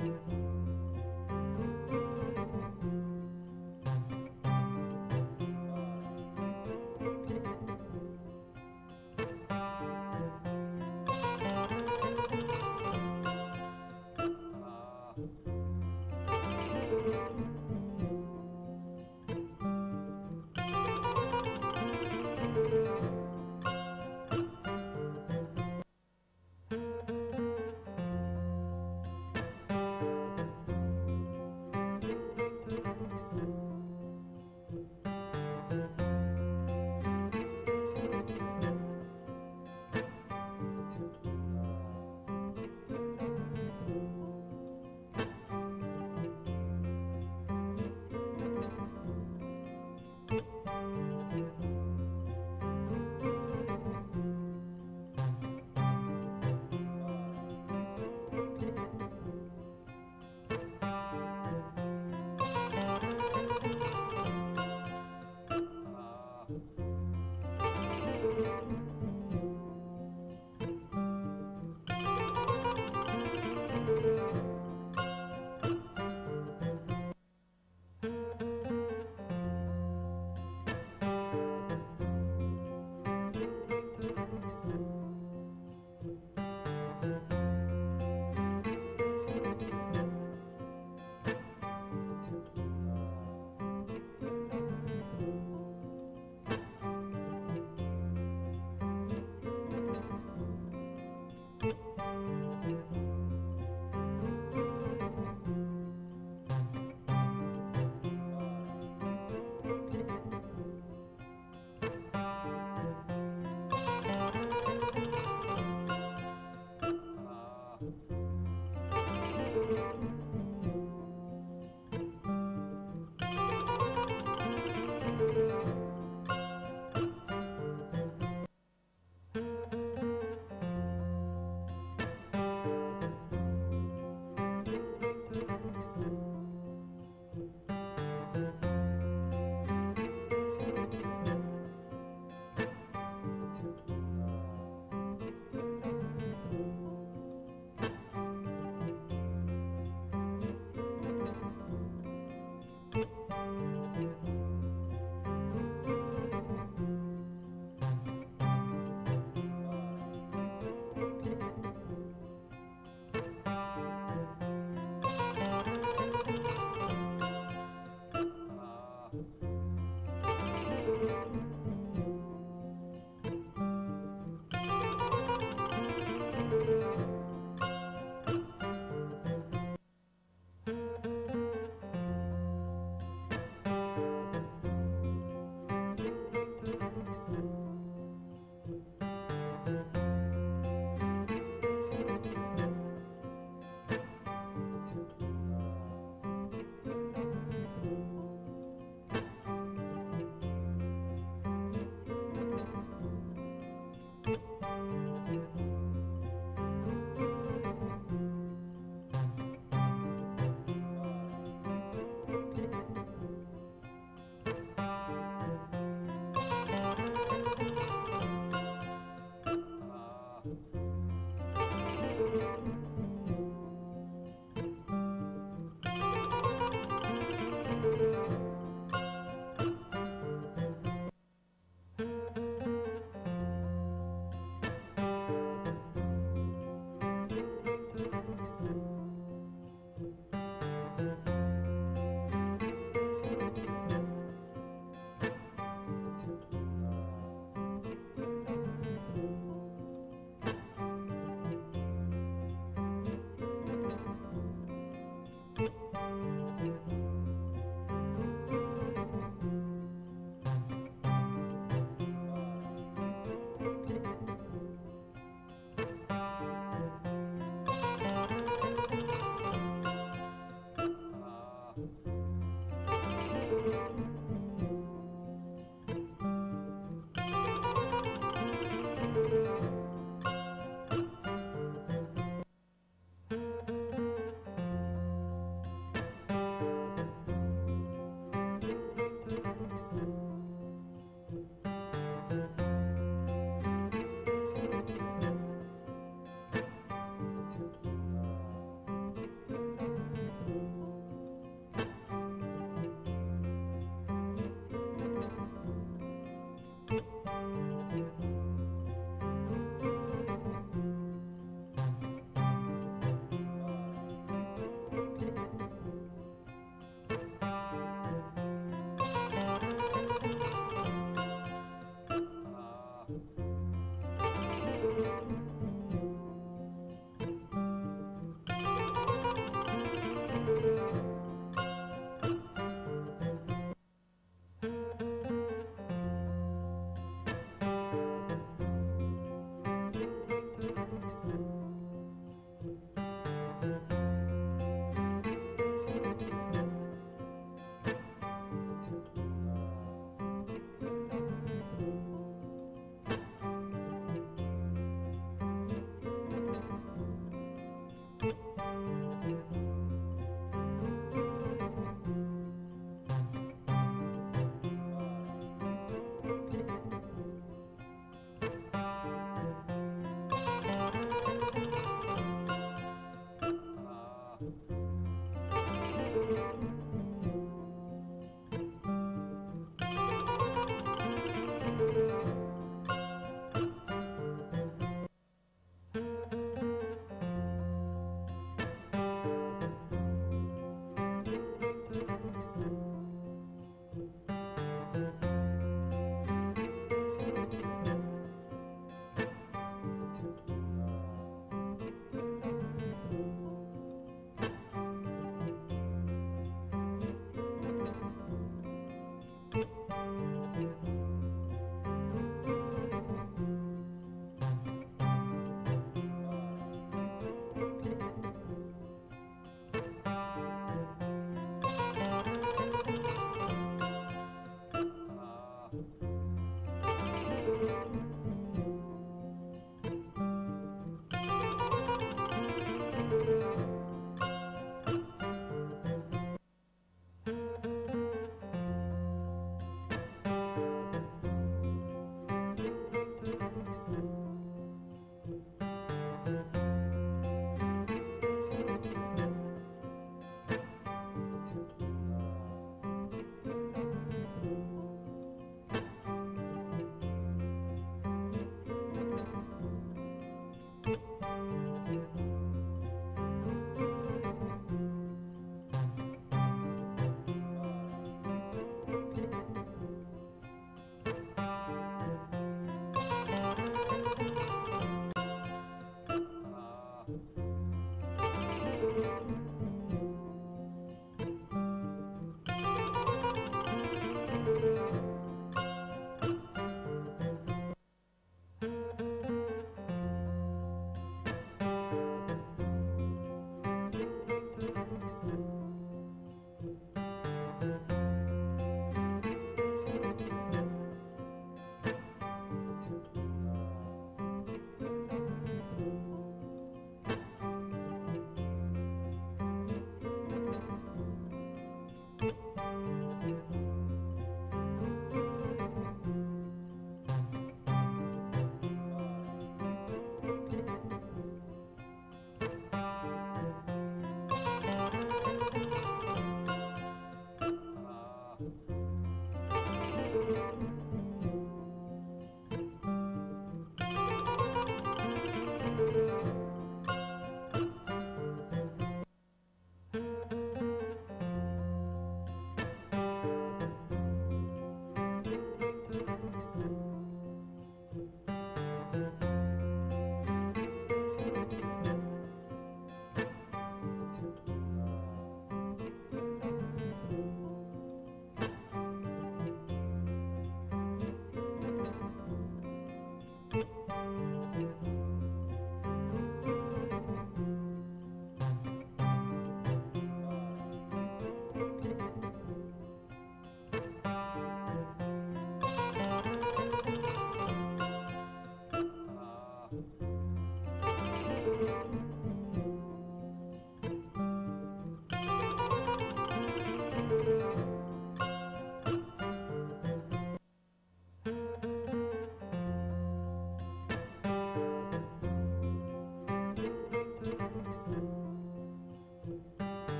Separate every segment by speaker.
Speaker 1: Thank you.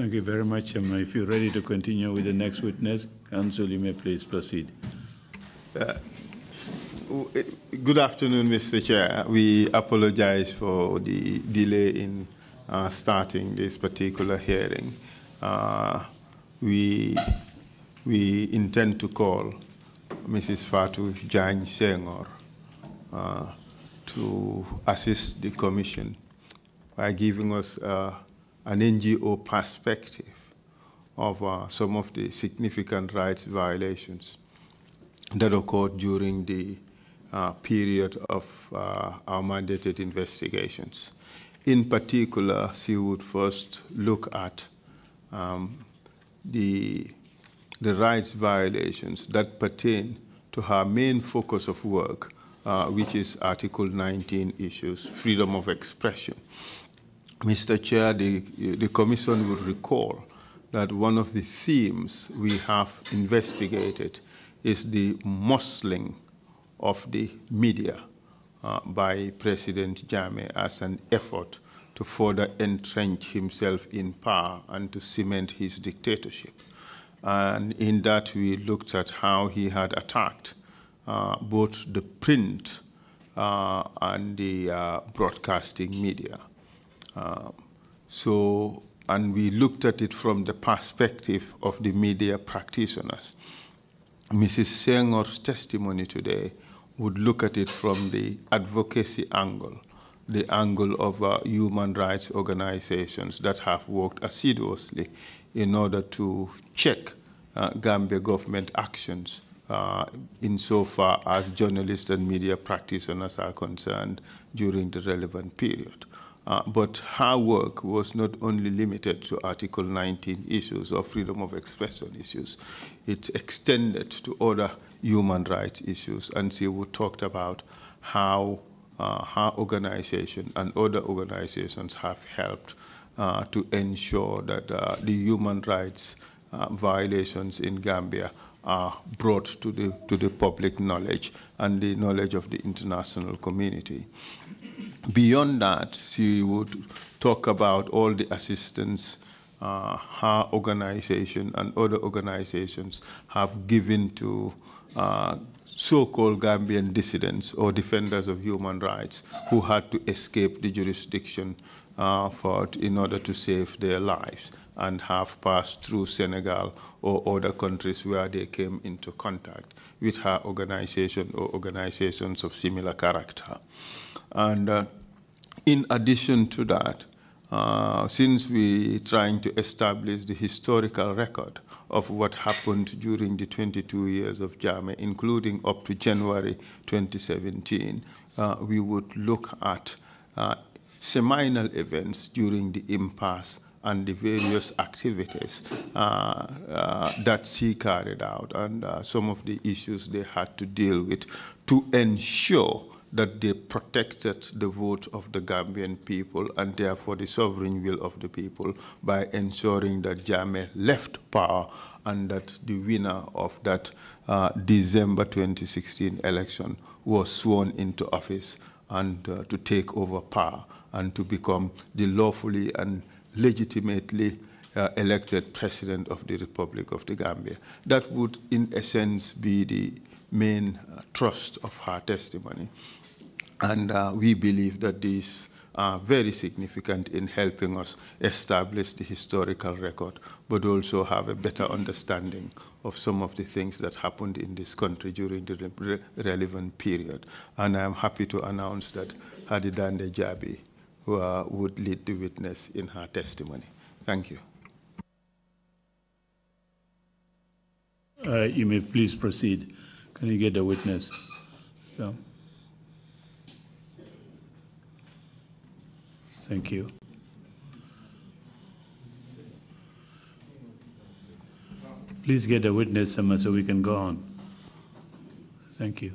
Speaker 1: Thank you very much. Um, if you're ready to continue with the next witness, Counsel, you may please proceed. Uh, good afternoon, Mr. Chair. We apologize for the delay in uh, starting this particular hearing. Uh, we, we intend to call Mrs. Fatu Jan Sengor uh, to assist the Commission by giving us uh, an NGO perspective of uh, some of the significant rights violations that occurred during the uh, period of uh, our mandated investigations. In particular, she would first look at um, the, the rights violations that pertain to her main focus of work, uh, which is Article 19 issues, freedom of expression. Mr. Chair, the, the Commission would recall that one of the themes we have investigated is the muscling of the media uh, by President Jame as an effort to further entrench himself in power and to cement his dictatorship. And in that, we looked at how he had attacked uh, both the print uh, and the uh, broadcasting media. Uh, so, and we looked at it from the perspective of the media practitioners. Mrs. Sengor's testimony today would look at it from the advocacy angle, the angle of uh, human rights organizations that have worked assiduously in order to check uh, Gambia government actions uh, insofar as journalists and media practitioners are concerned during the relevant period. Uh, but her work was not only limited to Article 19 issues or freedom of expression issues, it extended to other human rights issues. And she talked about how uh, her organization and other organizations have helped uh, to ensure that uh, the human rights uh, violations in Gambia are brought to the, to the public knowledge and the knowledge of the international community. Beyond that, she would talk about all the assistance uh, her organization and other organizations have given to uh, so-called Gambian dissidents or defenders of human rights who had to escape the jurisdiction uh, for, in order to save their lives and have passed through Senegal or other countries where they came into contact with her organization or organizations of similar character. And uh, in addition to that, uh, since we're trying to establish the historical record of what happened during the 22 years of JAMA, including up to January 2017, uh, we would look at uh, seminal events during the impasse and the various activities uh, uh, that she carried out and uh, some of the issues they had to deal with to ensure that they protected the vote of the Gambian people and therefore the sovereign will of the people by ensuring that Jammeh left power and that the winner of that uh, December 2016 election was sworn into office and uh, to take over power and to become the lawfully and legitimately uh, elected president of the Republic of the Gambia. That would, in essence, be the main uh, thrust of her testimony. And uh, we believe that these are very significant in helping us establish the historical record, but also have a better understanding of some of the things that happened in this country during the re relevant period. And I'm happy to announce that Hadidande Jabi uh, would lead the witness in her testimony. Thank you. Uh, you may please proceed. Can you get the witness? Yeah. Thank you. Please get a witness, Emma, so we can go on. Thank you.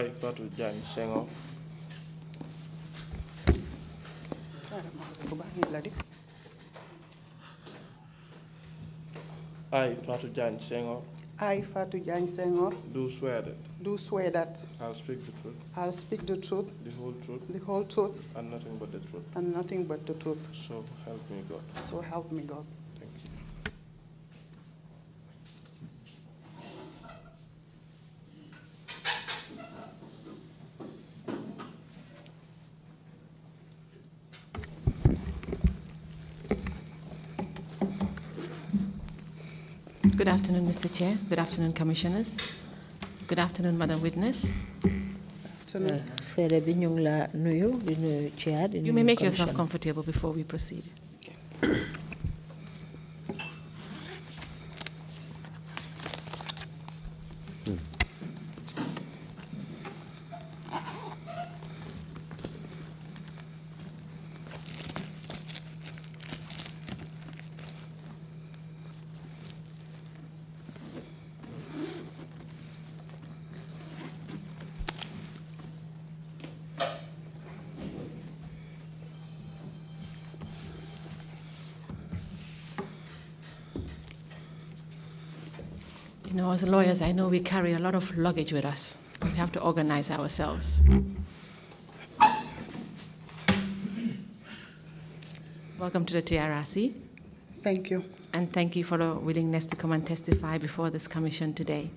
Speaker 1: Right, that to Jan Sengo. I, Fatou Jan Senghor.
Speaker 2: I, Fatou Jan Senghor.
Speaker 1: Do swear that.
Speaker 2: Do swear that.
Speaker 1: I'll speak the truth.
Speaker 2: I'll speak the truth. The whole truth. The whole truth. And nothing but the truth. And nothing but the truth. So help me God. So help me God.
Speaker 3: Good afternoon, Mr. Chair. Good afternoon, Commissioners. Good afternoon, Madam Witness. Uh, you may make yourself comfortable before we proceed. as lawyers, I know we carry a lot of luggage with us. We have to organize ourselves. Welcome to the TRRC. Thank you. And thank you for the willingness to come and testify before this commission today.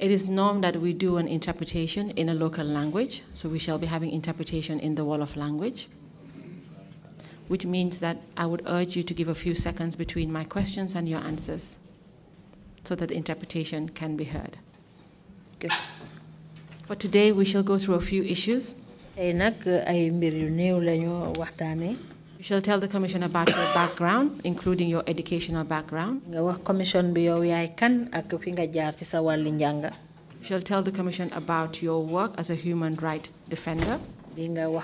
Speaker 3: It is norm that we do an interpretation in a local language, so we shall be having interpretation in the Wall of language, which means that I would urge you to give a few seconds between my questions and your answers so that the interpretation can be heard. Good. For today, we shall go through a few issues. Eh, you shall tell the Commission about your background, including your educational background. You shall tell the Commission about your work as a human rights defender. You shall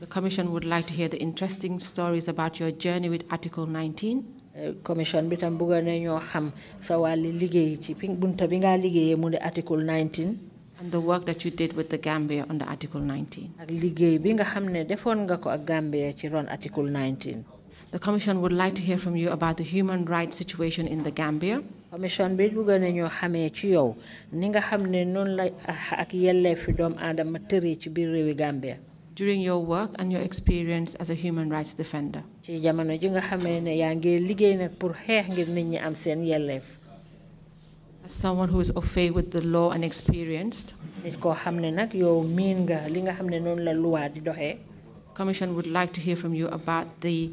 Speaker 3: the Commission would like to hear the interesting stories about your journey with Article 19. Uh, commission bi tam bëgg hear the xam sa wàlli liggéey ci bunta bi nga liggéeyee mu Article 19. And the work that you did with the Gambia under Article 19. Ak liggéey bi nga xam ne defoon nga ko ak Gambia ci ron Article 19. The Commission would like to hear from you about the human rights situation in the Gambia. Commission bi bëgg to xamee ci yow ni nga xam ne noonu la ak aadama tëree ci biir réewi Gambia during your work and your experience as a human rights defender? As someone who is au fait with the law and experienced. nit Commission would like to hear from you about the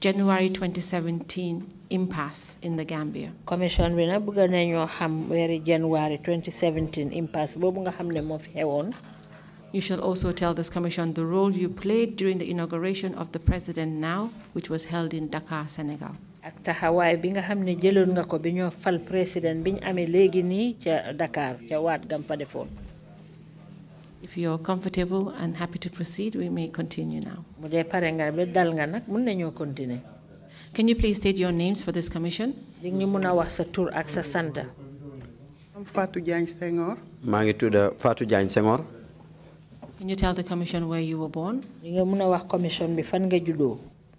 Speaker 3: January 2017 impasse in the Gambia. Commission bi na bëgg nañoo xam weeri January 2017 impasse boobu nga xam ne moo fi xewoon. You shall also tell this commission the role you played during the inauguration of the President Now, which was held in Dakar, Senegal. ak Hawaii, binga nga xam ne jëloon nga ko bi fal président biñ amee léegi nii ca Dakar ca waat gam fa defoon. if you're comfortable and happy to proceed we may continue now. bu dee pare nga ba dal nga nag mun nañoo continuer. can you please state your names for this commission. di ñu mun a wax sa tur ak sa sant.
Speaker 2: Fatou Diagne Senghor.
Speaker 4: maa ngi tudd Fatou
Speaker 3: can you tell the commission where you were born? commission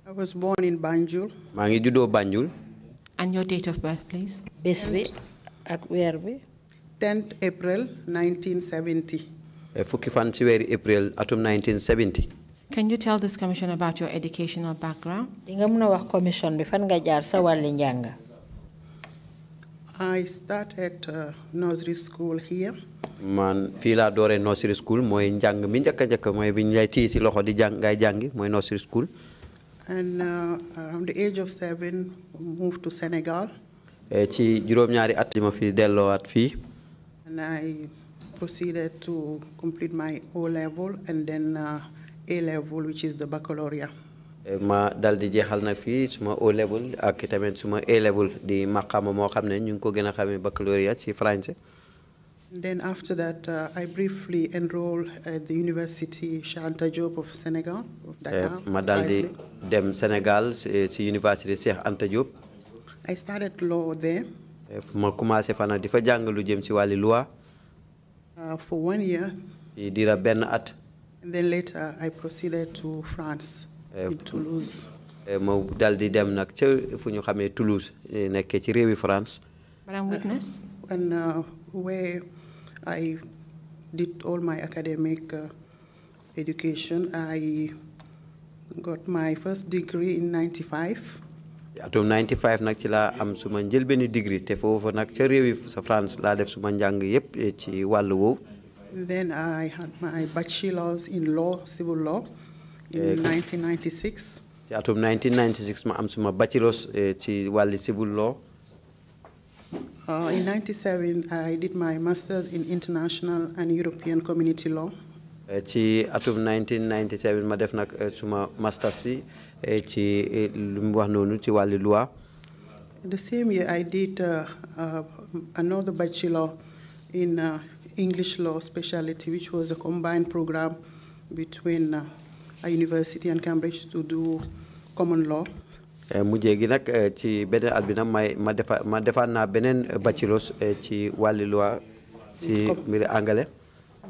Speaker 2: I was born in Banjul.
Speaker 4: Banjul.
Speaker 2: And your date of birth please? Bes 10th April
Speaker 4: 1970. Eh, fukki fan April atum 1970.
Speaker 2: Can you tell this commission
Speaker 3: about your educational background? commission
Speaker 2: I started uh, nursery school here.
Speaker 4: man fii laa nursery school mooy njàng mi njëkk a njëkk mooy bi ñu lay tii si loxo di jàng ngay jàngi mooy nursery school.
Speaker 2: and uh, around the age of seven moved to Senegal.
Speaker 4: Eh, ci juróom-ñaari at. ma fi delloowaat fii.
Speaker 2: and I proceeded to complete my O level and then uh, A level which is the baccalaureate
Speaker 4: ma dal di jeexal nag fii suma O level ak tamit suma A level di ñu ko baccalauréat ci français.
Speaker 2: Then after that, uh, I briefly enrolled at the University Cheikh Diop of Senegal, of eh, Dakar. ma daal di
Speaker 4: dem Sénégal si Université Cheikh Anta Diop.
Speaker 2: I started law there.
Speaker 4: Eh, ma commencé fana di jàng lu jëm ci wàlli loi.
Speaker 2: Uh, for one year.
Speaker 4: di did a at.
Speaker 2: And then later I proceeded to France.
Speaker 4: Eh, Toulouse. Eh, mu dal di dem nag ca fu ñu Toulouse eh, nekkee ci réewi France.
Speaker 2: madame witness. and uh, where I did all my academic uh, education I got my first degree in 95.
Speaker 4: atum 95 nag ci laa am suma degree te réewi France laa def suma njàng yépp ci
Speaker 2: then I had my bachelor's in law civil law in 1996 eh,
Speaker 4: ci atum 1996 ma am suma bachelor's ci eh, civil law
Speaker 2: uh, in 97 I did my master's in international and European community law
Speaker 4: ci eh, atum 1997 ma def nag suma masters yi ci lu wax noonu ci loi
Speaker 2: the same year I did uh, uh, another bachelor in uh, English law specialty, which was a combined program between uh, à university in Cambridge to do common law.
Speaker 4: Eh, mujjee gi nag eh, ci beneen at bi nag may ma defa ma defaat naa beneen bachelors eh, ci wàlli loi ci mbiri anglais.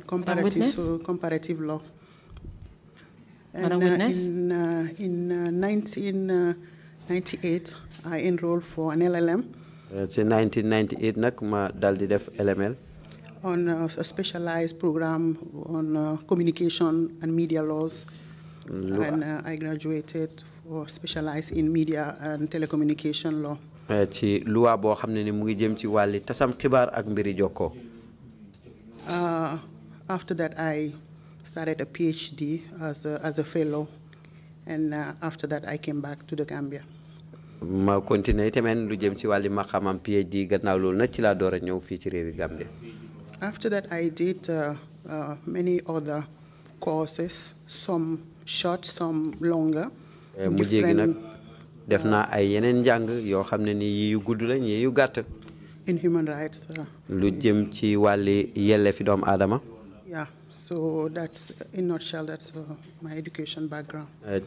Speaker 2: comparative so comparative law. And uh, in uh, in uh, 1998, uh, I enrolled for an LLM.
Speaker 4: It's in 1998 nak ma dal def LML.
Speaker 2: On uh, a specialized program on uh, communication and media laws. And uh, I graduated for specialized in media and telecommunication law.
Speaker 4: Eh, ci loi boo xam ne ni mu ngi jëm ci wàlli tasam xibaar ak mbiri jokkoo.
Speaker 2: Uh, after that I started a PhD as a, as a fellow and uh, after that I came back to the Gambia.
Speaker 4: ma continuer tamit lu jëm ci wàlli maxamam PhD gannaaw loolu nag ci laa door ñëw fii ci réewi Gambia.
Speaker 2: after that I did uh, uh, many other courses some short some longer.
Speaker 4: Eh, mu jéegi nag def naa uh, ay yeneen ni
Speaker 2: in human rights. Uh, yeah so that's in nutshell that's uh, my education background.
Speaker 4: Eh,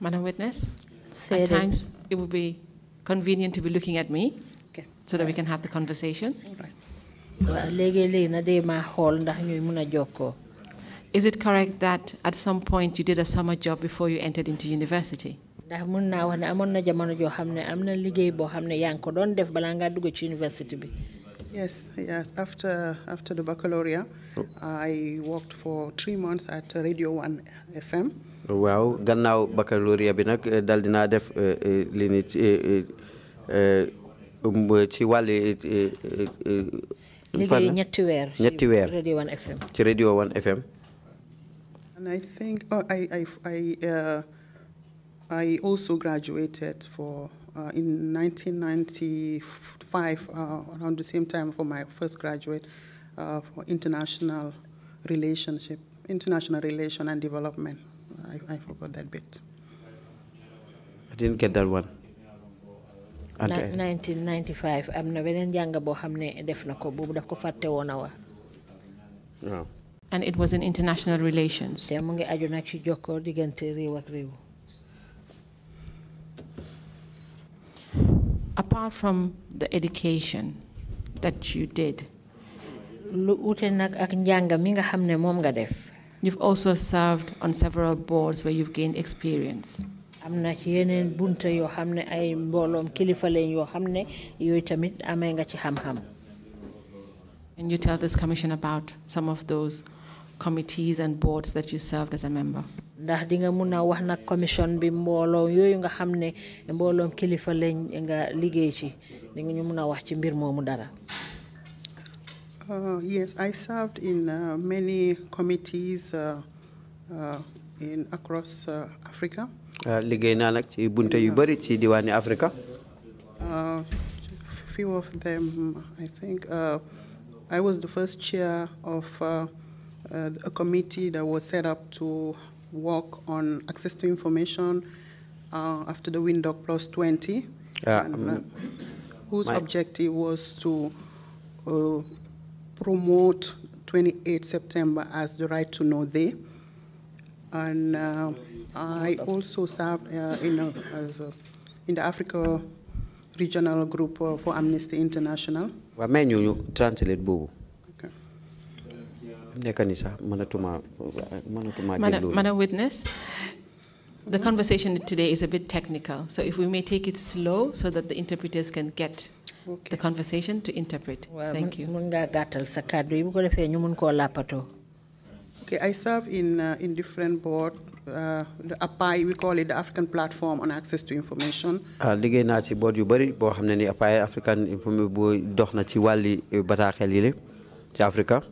Speaker 3: Madam Witness, at it. times it would be convenient to be looking at me okay. so that we can have the conversation. Is it correct that at some point you did a summer job before you entered into university? Yes,
Speaker 2: yes. After after the baccalaureate, oh. I worked for three months at Radio One FM.
Speaker 4: Wow, gannaaw baccalaureate bi nag eh, dal dinaa def eh, eh, li um ci radio 1 FM. radio 1 FM.
Speaker 2: and I think oh, I I uh, I also graduated for. Uh, in 1995, uh, around the same time for my first graduate uh, for international relationship, international relation and development. I, I forgot that bit.
Speaker 4: I didn't get that one.
Speaker 3: 1995 jàng def daf ko fàtte and it was in international relations. te ngi aju ci ak apart from the education that you did. lu ute ak mi nga nga def. You've also served on several boards where you've gained experience am ci yeneen bunta yoo xam ne ay mbooloom kilifa lañ yoo xam ne yooyu tamit amee nga ci xam-xam. And you tell this commission about some of those committees and boards that you served as a member. ndax di nga mun a wax nag commission bi mbooloo yooyu nga xam ne mbooloom kilifa lañ nga liggéey ci di nga ñu mun a wax ci mbir moomu dara.
Speaker 2: Uh, yes, I served in uh, many committees uh, uh, in across uh, Africa.
Speaker 4: Uh, a ci bunte yu ci Afrika.
Speaker 2: Uh, few of them, I think. Uh, I was the first chair of uh, uh, a committee that was set up to work on access to information uh, after the Window Plus 20, and, mm. whose objective was to promote 28 September as the right to know day and uh, I also served uh, in, a, a, in the Africa regional group uh, for Amnesty International.
Speaker 4: Wa may ñu translate bobu. nekk ni sax mënatuma mënatuma déglu. Madam
Speaker 3: Witness, the conversation today is a bit technical, so if we may take it slow so that the interpreters can get okay. the conversation to interpret. Thank you.
Speaker 2: Okay, I serve in, uh, in different board. Uh, the API, we call it the African Platform on Access
Speaker 4: to Information. Ah, liggéey naa ci board yu bari bo xam ni API African Information bo dox na ci bata eh, bataaxel yi la ci Africa.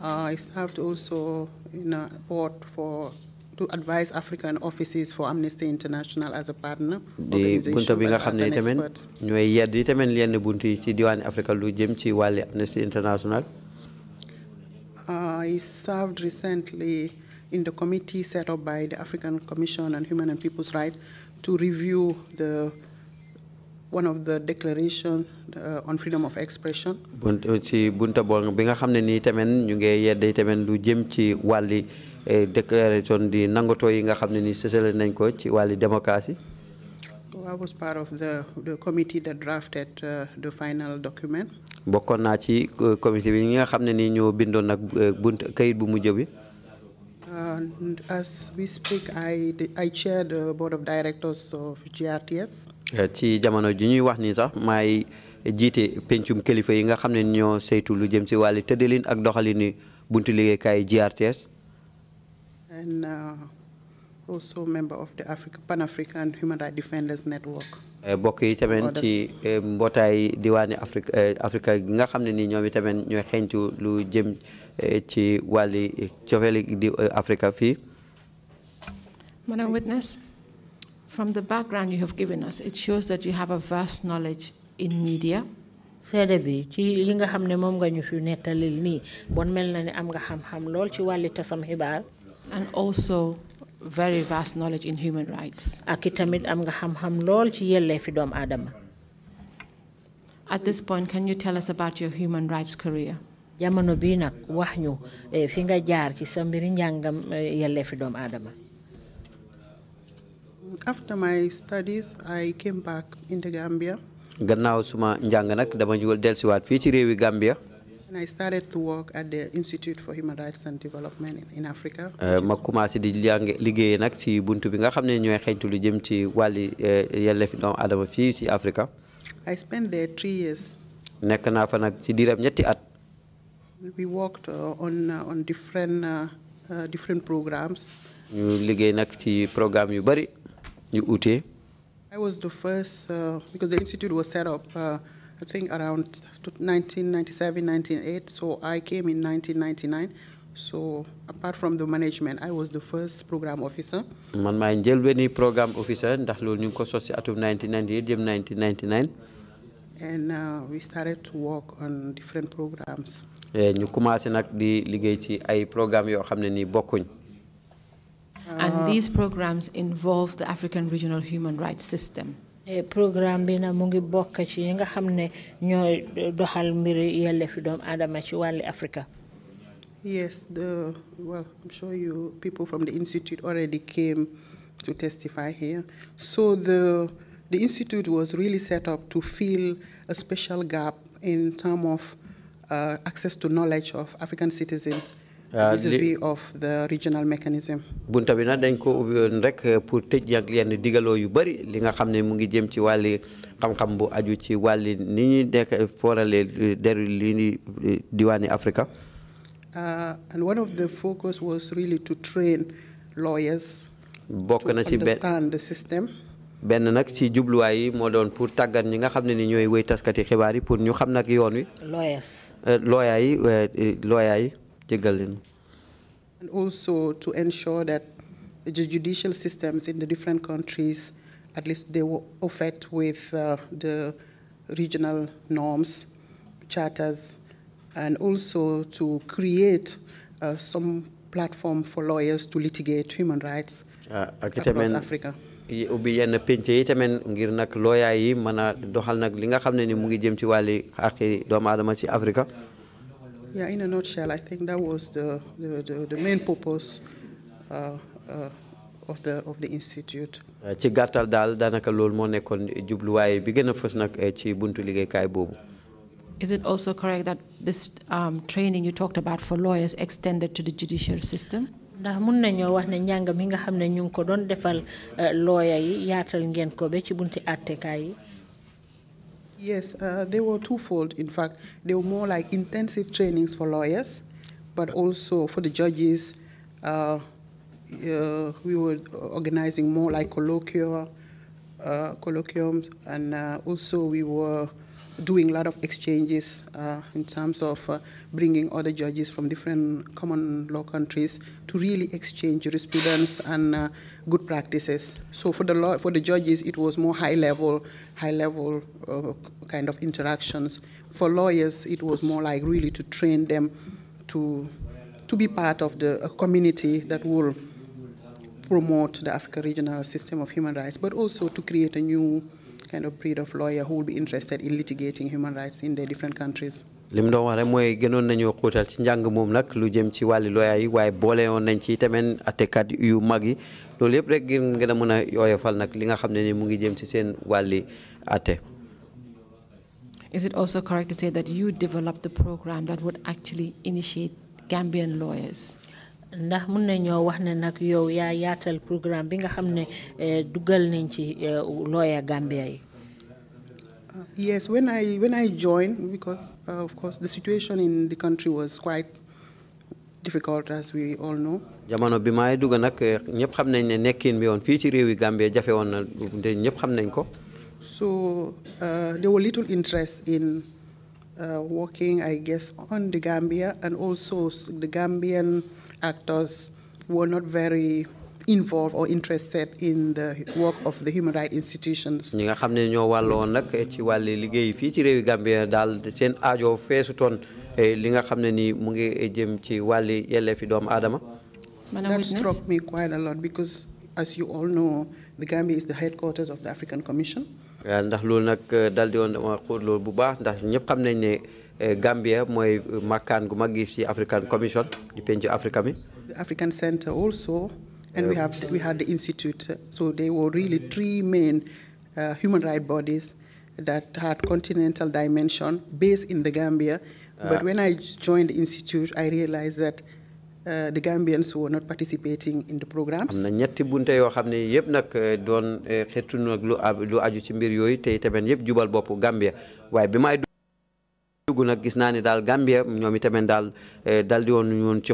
Speaker 2: Uh, I served also in a board for to advise African offices for Amnesty International as a partner. di Buntu bi nga xam ne tamit
Speaker 4: ñooy yedd yi tamit yenn bunt yi ci diwaani Africa lu jëm ci wàlli Amnesty International.
Speaker 2: Uh, I served recently in the committee set up by the African Commission on Human and People's Rights to review the one of the declaration uh, on freedom of
Speaker 5: expression.
Speaker 4: Uh, ci bunta bo bi nga xam ne nii tamit ñu ngi yeddi tamit lu jëm ci wàlli eh, déclaration di nangatoo yi nga xam ni nii sësale nañ ko ci wàlli démocratie.
Speaker 2: I was part of the, the committee that drafted uh, the final document.
Speaker 4: bokkoon na ci uh, committee, bi ñi nga xam ne ni ñoo bindoon nag uh, bunt kayit bu mujj bi.
Speaker 2: Uh, as we speak, I, I chair the board of directors of GRTS.
Speaker 4: ci jamono ji ñuy wax nii sax maay jiite pencum kilifa yi nga xam ne ñoo saytu lu jëm si wàllu tëddalin ak doxalin buntu liggéeykaay GRTS.
Speaker 2: And also member of the Africa, Pan African Human Rights Defenders Network.
Speaker 4: Eh, bokk yi tamit ci eh, mbootaay diwaani Afrique eh, Afrique gi nga xam ne nii ñoom itamit ñooy xeeñtu lu jëm ci wàlli cofeeli di Africa fii.
Speaker 3: Madam Witness, from the background you have given us, it shows that you have a vast knowledge in media. seede bi ci li nga xam ne moom nga ñu fi nettalil nii bon mel na ne am nga xam-xam lool ci wàlli tasam xibaar. and also very vast knowledge in human rights. At this point, can you tell us about your human rights career? jamono eh, fi nga jaar ci sa
Speaker 2: mbiri njàngam aadama. Eh, After my studies, I came back in the Gambia.
Speaker 4: gannaaw suma njàng nag dama ñu dellusiwaat fii ci réewi Gambia.
Speaker 2: And I started to work at the Institute for Human Rights and Development in, in Africa.
Speaker 4: Uh, ma commencé di liggéey nag ci buntu bi nga xam ne ñooy xeeñtu lu jëm ci wàlli uh, yelleefi doomu aadama fii ci Africa.
Speaker 2: I spent there three years.
Speaker 4: nekk naa fa nag ci diiram ñetti at.
Speaker 2: we worked uh, on on different different programs.
Speaker 4: ñu liggéey nag ci programme yu bari yu uute.
Speaker 2: I was the first because the institute was set up. I think around 1997, 1998. So I came in 1999. So apart from the management, I was the first programme officer.
Speaker 4: man maay njëlbéeni programme officer ndax loolu ñu ngi ko sos atum 1998 jëm 1999.
Speaker 2: and uh, we started to work on different programmes.
Speaker 4: Eh, ñu commencé di
Speaker 5: and these
Speaker 3: programmes involve the African regional human rights system. Eh, programme bi na ngi ci nga ci wàlli
Speaker 2: Yes, the, well, I'm sure you people from the institute already came to testify here. So the the institute was really set up to fill a special gap in terms of uh, access to knowledge of African citizens
Speaker 4: vis-à-vis
Speaker 2: ah, of the regional mechanism.
Speaker 4: bunta bi dañ ko rek eh, pour tëj yenn yu li nga mu ngi jëm ci xam xam-xam bu aju ci ni eh, eh, ni
Speaker 2: ah, and one of the focus was really to train lawyers.
Speaker 4: bokk na ci to understand the system. benn nag ci jubluwaay yi moo doon pour tàggat ñi nga xam ni wéy taskati pour ñu xam yoon wi. lawyers. yi jéggal and
Speaker 2: also to ensure that the judicial systems in the different countries at least they were offered with uh, the regional norms charters and also to create uh, some platform for lawyers to litigate human rights
Speaker 4: ah, across Africa. ubbi yenn pénc yi tamit ngir nag looyaa yi mën a doxal nag li ni mugi ngi jëm ci wàlli àqi doomu aadama ci
Speaker 2: yeah, in a nutshell, I think that was the, the, the, the main purpose uh, uh, of the of the institute.
Speaker 4: ci gàttal bi eh, ci buntu
Speaker 2: Is
Speaker 3: it also correct that this um, training you talked about for lawyers extended to the judicial system? ndax mun wax ne njàng mi nga xam ne ñu ngi ko doon defal eh, lawyer yi yaatal ngeen ko ba ci bunti àttekaay yi.
Speaker 2: Yes, uh, they were twofold, in fact. They were more like intensive trainings for lawyers, but also for the judges. Uh, uh, we were organizing more like colloquia, uh, colloquiums, and uh, also we were doing a lot of exchanges uh, in terms of bringing other judges from different common law countries to really exchange jurisprudence and uh, good practices. So for the law, for the judges, it was more high level, high level uh, kind of interactions. For lawyers, it was more like really to train them to to be part of the community that will promote the Africa regional system of human rights, but also to create a new kind of breed of lawyer who will be interested in litigating human rights in their different countries
Speaker 4: lim xóotal ci njàng lu jëm ci yi nañ ci yu yëpp rek li nga ni mu ngi jëm ci seen wàlli
Speaker 3: Is it also correct to say that you developed the program that would actually initiate Gambian lawyers? ndax mun nañoo wax ne nag yow yaa yaatal programme bi nga xam eh, dugal nañ ci eh, Gambia yi.
Speaker 2: Uh, yes, when I when I joined, because uh, of course the situation in the country was quite difficult as we all know.
Speaker 4: jamono bi maay dugg nag eh, ñëpp xam nañ ne nekkin bi woon fii ci réew Gambie jafe woon na te ñëpp xam nañ ko.
Speaker 2: so uh, there were little interest in uh, working I guess on the Gambia and also the Gambian actors were not very involved or interested in the work of the human rights
Speaker 4: institutions. ñi nga ci liggéey ci Gambie aajo eh, li nga mu ngi jëm ci
Speaker 2: That struck me quite a lot because as you all know the Gambia is the headquarters of the African Commission.
Speaker 4: Eh, ndax loolu nag eh, dal di dama bu baax ndax ñëpp Gambia mooy makkaan gu mag ci African Commission di penc Africa mi.
Speaker 2: The African Center also. And we, have, we had the institute. So they were really three main uh, human rights bodies that had continental dimension based in the Gambia. Ah. But when I joined the institute, I realized that uh, the Gambians were not participating in the programs.
Speaker 4: ñetti bunte yëpp uh, doon uh, lu lu aju ci mbir te yëpp jubal Gambia bi may dugg gis Gambia uh, dal di ñu ci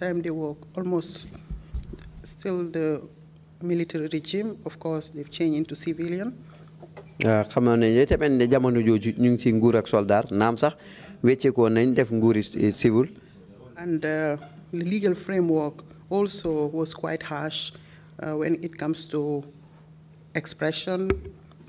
Speaker 2: time they were almost still the military regime. Of course, they've changed into civilian. Ah, eh, civil. And uh, the legal framework also was quite harsh uh, when it comes to expression,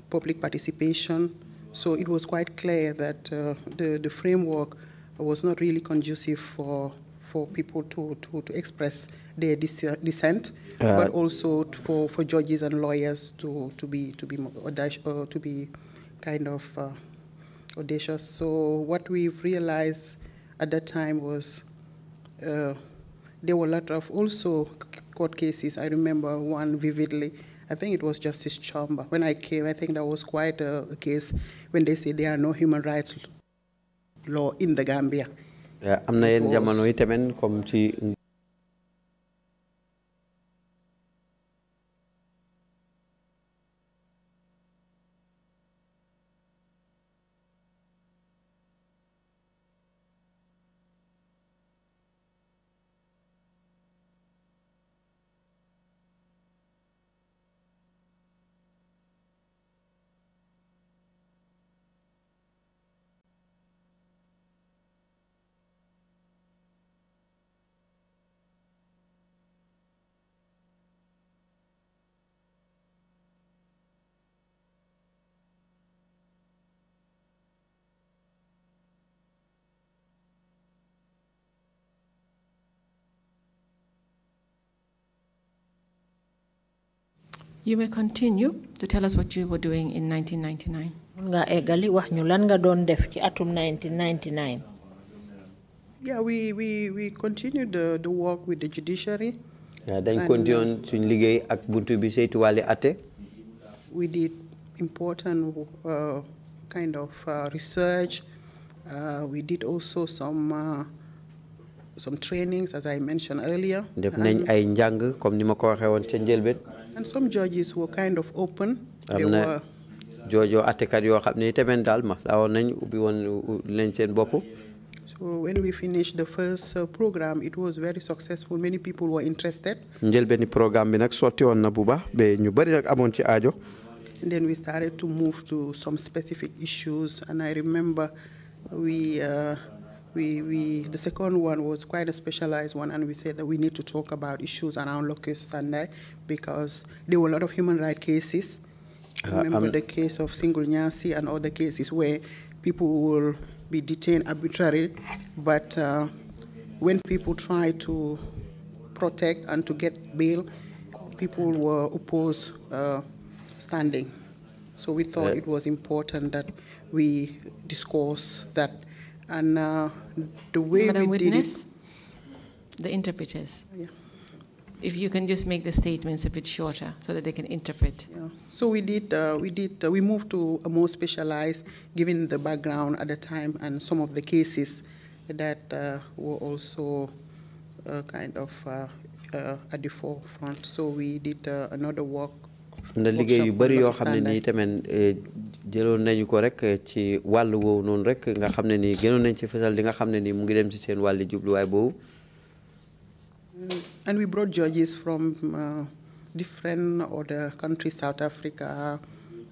Speaker 2: public participation. So it was quite clear that uh, the, the framework was not really conducive for for people to, to, to express their dissent, uh, but also for, for judges and lawyers to, to be to be audacious, uh, to be kind of uh, audacious. So what we've realized at that time was uh, there were a lot of also court cases. I remember one vividly. I think it was Justice Chamba. When I came, I think that was quite a, a case when they said there are no human rights law in the Gambia.
Speaker 4: Euh, am na yenn jamono yi tamit comme ci
Speaker 3: You may continue to tell us what you were doing in 1999. Nga egali wax ñu lan atum 1999.
Speaker 2: Yeah, we, we, we continued the, the work with the judiciary.
Speaker 4: Dañ continué uh, suñ liggéey ak buntu bi saytu wàllu atte.
Speaker 2: We did important uh, kind of uh, research. Uh, we did also some uh, some trainings as I mentioned earlier.
Speaker 4: Def nañ ay njàng comme ni ma ko waxee woon ca njëlbeen
Speaker 2: and some judges were kind of open they were judge when we finished the first uh, program, it was very successful. Many people were interested. then we started to move to some specific issues, and I remember we. Uh, we, we, the second one was quite a specialized one, and we said that we need to talk about issues around locus that because there were a lot of human rights cases. Uh, Remember I'm the case of Single Nyasi and other cases where people will be detained arbitrarily, but uh, when people try to protect and to get bail, people were opposed uh, standing. So we thought it was important that we discuss that and uh, the way Madam we Witness, did it. The
Speaker 3: interpreters. Yeah. If you can just make the statements a bit shorter so that they can interpret.
Speaker 5: Yeah.
Speaker 2: So we did, uh, we did, uh, we moved to a more specialized, given the background at the time and some of the cases that uh, were also uh, kind of uh, at the forefront. So we did another work.
Speaker 4: na liggéey jëlon nañu ko rek eh, ci walu woon non rek nga xamné ni gënon nañ ci fessel di nga xamné ni mu ngi dem ci seen walu djublu way boobu
Speaker 5: mm,
Speaker 2: and we brought judges from uh, different other countries south africa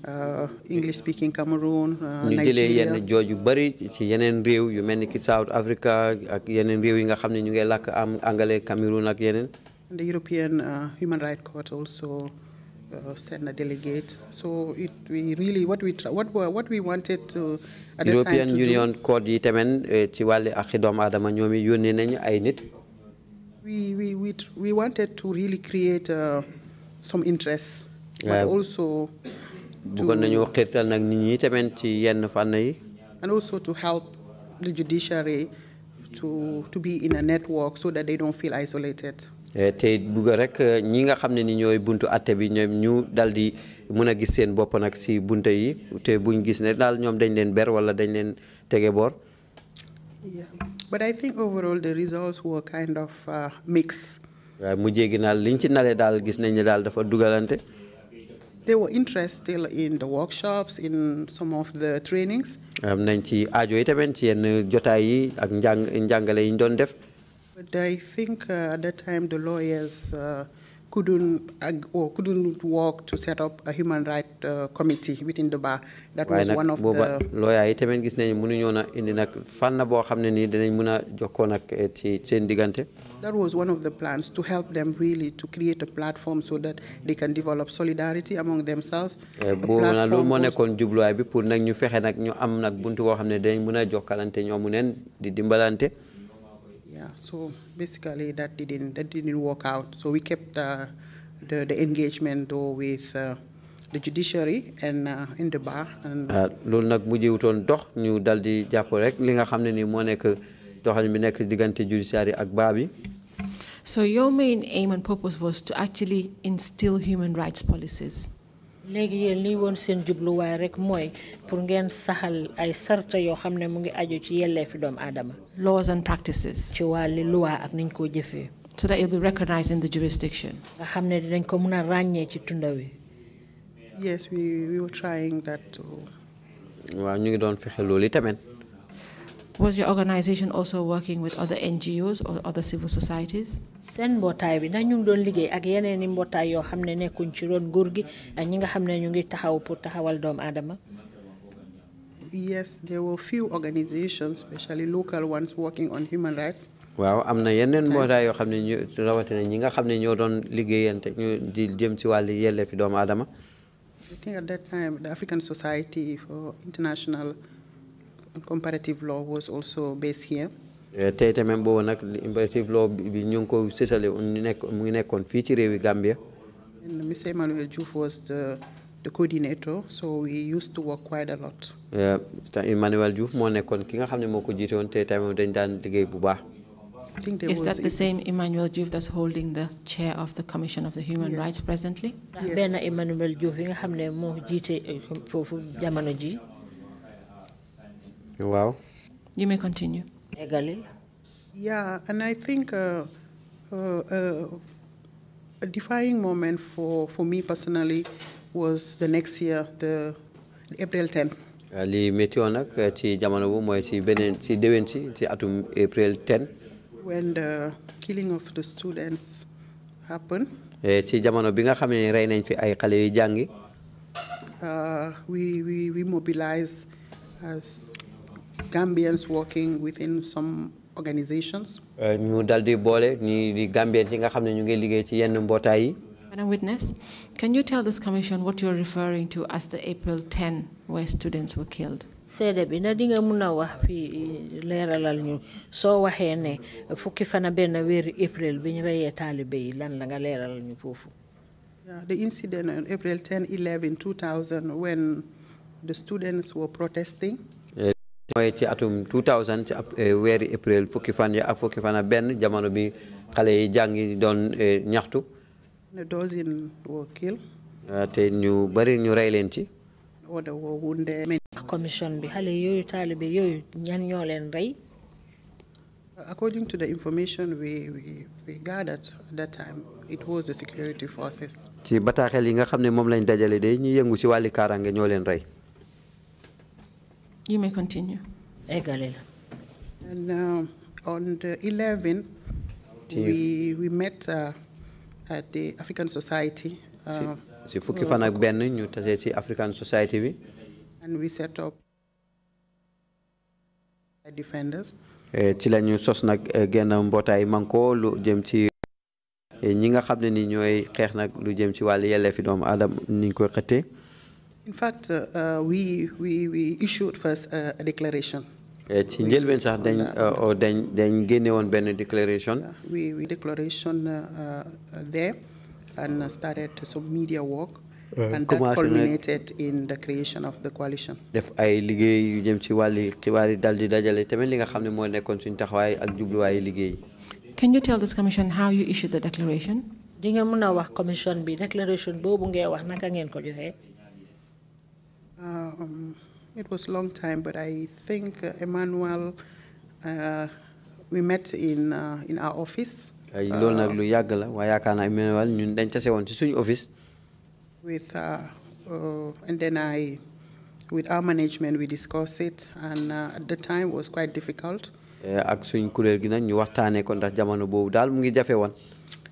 Speaker 2: uh, english speaking cameroon uh, nigeria ñu jëlé yenn
Speaker 4: joju bari ci yenen réew yu melni ki south africa ak yenen réew yi nga xamné ñu ngi lak am anglais cameroon ak yenen
Speaker 2: the european uh, human rights court also uh, send a delegate. So it, we really what we what what we wanted to at the European Union
Speaker 4: code yi tamit ci nañu ay nit.
Speaker 2: We we we we wanted to really create uh, some interest, but also. bëggoon nañu
Speaker 4: xirtal nit ñi ci yenn fànn yi.
Speaker 2: And also to help the judiciary to to be in a network so that they don't feel isolated.
Speaker 4: Eh, te rek eh, ñi nga ni buntu atte bi ñoom ñu gis seen bunte yi te gis ne ñoom dañ leen ber wala dañ leen
Speaker 2: But I think overall the results were kind of uh,
Speaker 4: mixed. waaye mu jéggi na liñ ci nale dal gis nañ ne daal dafa dugalante.
Speaker 2: were interested still in the workshops, in some of the trainings.
Speaker 4: am nañ ci aajo yi ci yenn jotaay yi ak njàng njàngale yi ñu def.
Speaker 2: But I think uh, at that time the lawyers uh, couldn't or couldn't work to set up a human rights uh, committee within the bar. That was one of the. lawyer eh, That was one of the plans to help them really to create a platform so that they can develop solidarity among themselves.
Speaker 4: Eh, bi pour am buntu di dimbalante
Speaker 2: so basically that didn't that didn't work out. So we kept uh, the the engagement though with uh, the judiciary and uh, in the bar. Ah,
Speaker 4: loolu nag mujjewutoon dox ñu dal di jàpp rek li nga xam ne ni moo nekk doxalin bi nekk diggante judiciary ak baa bi.
Speaker 3: So your main aim and purpose was to actually instill human rights policies léegi yéen woon seen jubluwaay rek mooy pour ngeen saxal ay sarta yoo xam ne mu ngi aju ci yelleefi doomu aadama. laws and practices. ci ak niñ koo jëfee. so that it will be recognized in the jurisdiction. nga xam ne dinañ ko a ràññee ci tunda wi.
Speaker 2: yes we we were trying that too.
Speaker 4: waaw ñu ngi doon fexe loolu
Speaker 3: was your organization also working with other NGOs or other civil societies bi ñu doon liggéey ak yeneen i yoo xam ne nekkuñ ci roon nguur gi ak ñi nga xam ne ñu ngi taxaw pour taxawal aadama
Speaker 2: yes there were few organizations especially local ones working on human rights
Speaker 4: waaw am na yeneen mbootaay yoo xam ne ñu rawatina ñi nga xam ne ñoo doon liggéeyante ñu di jëm ci wàllu yelleefi aadama
Speaker 2: I think at that time the African Society for International Comparative Law was also based here
Speaker 4: Eh, tey bi ñu mu ngi ci réewi Gambia.
Speaker 2: Mr. Emmanuel Diouf was the, the coordinator, so we used to work quite a lot.
Speaker 4: Eh, Emmanuel Diouf moo nekkoon ki nga xam ne moo ko jiite woon dañ daan liggéey bu baax.
Speaker 3: that the same Emmanuel Diouf that's holding the chair of the Commission of the Human yes. Rights presently? Yes. Emmanuel Diouf nga eh, jamono ji. You may continue.
Speaker 2: Hey, Yeah, and I think uh, uh, uh, a defining moment for, for me personally was the next year, the April 10.
Speaker 4: li météo nag eh, ci jamono bu mooy ci beneen ci déwén si ci atum April 10.
Speaker 2: when the killing of the students happened.
Speaker 4: Eh, ci jamono bi nga xam ne nañ fi ay xale yu jàngi.
Speaker 2: Uh, we we we mobilize as Gambians working within some organizations.
Speaker 4: Euh, ñu dal ñi di Gambians yi nga xam ne ñu ngi
Speaker 2: Madam Witness, can you tell this commission what
Speaker 3: you're referring to as the April 10 where students were killed? seede bi na dinga mun a wax fi eh, leeralal ñu soo waxee ne fukki fana benn weeru april bi ñu reyee taalibe yi lan la nga leeralal ñu foofu
Speaker 2: the incident on april 10 11 2000 when the students were protesting
Speaker 4: moy ci atum 2000 ci wéri april fukki fan ya ak fukki fana ya ben jamono bi xalé yi jangi don ñaxtu eh,
Speaker 2: na dozin wokil
Speaker 4: ah, té ñu bari ñu ray len ci
Speaker 2: wada wo wunde men commission bi xalé yoyu talibé yoyu ñan ñoo len ray according to the information we we we gathered at that time it was the security forces
Speaker 4: ci bataxel yi nga xamné mom lañ dajalé dé ñu yëngu ci wali karangé ñoo len ray
Speaker 2: You may continue. Egalil. And um, si fukki fan
Speaker 4: ak benn ñu tase si African Society bi. and we eh, ci la ñu sos nag eh, genn mbootaay manko lu jëm ci eh, ñi nga xam ne ni ñooy xeex nag lu jëm ci wàllu yelleefi doomu aadama niñ ñu koy xëttee.
Speaker 2: in fact uh, uh, we we we issued first a declaration.
Speaker 4: Eh, ci njëlbeen sax eh, oh, declaration.
Speaker 2: we we declaration uh, there and started some media work.
Speaker 4: Eh, and that culminated
Speaker 2: in the creation of the coalition. can you tell this commission
Speaker 3: how you issued the declaration. commission declaration
Speaker 2: um, it was a long time, but I think uh, Emmanuel, uh, we met in, uh, in our office.
Speaker 4: loolu nag lu yàgg Emmanuel office.
Speaker 2: with uh, uh, and then I with our management we discussed it and at uh, the time was quite difficult. Eh, ak suñ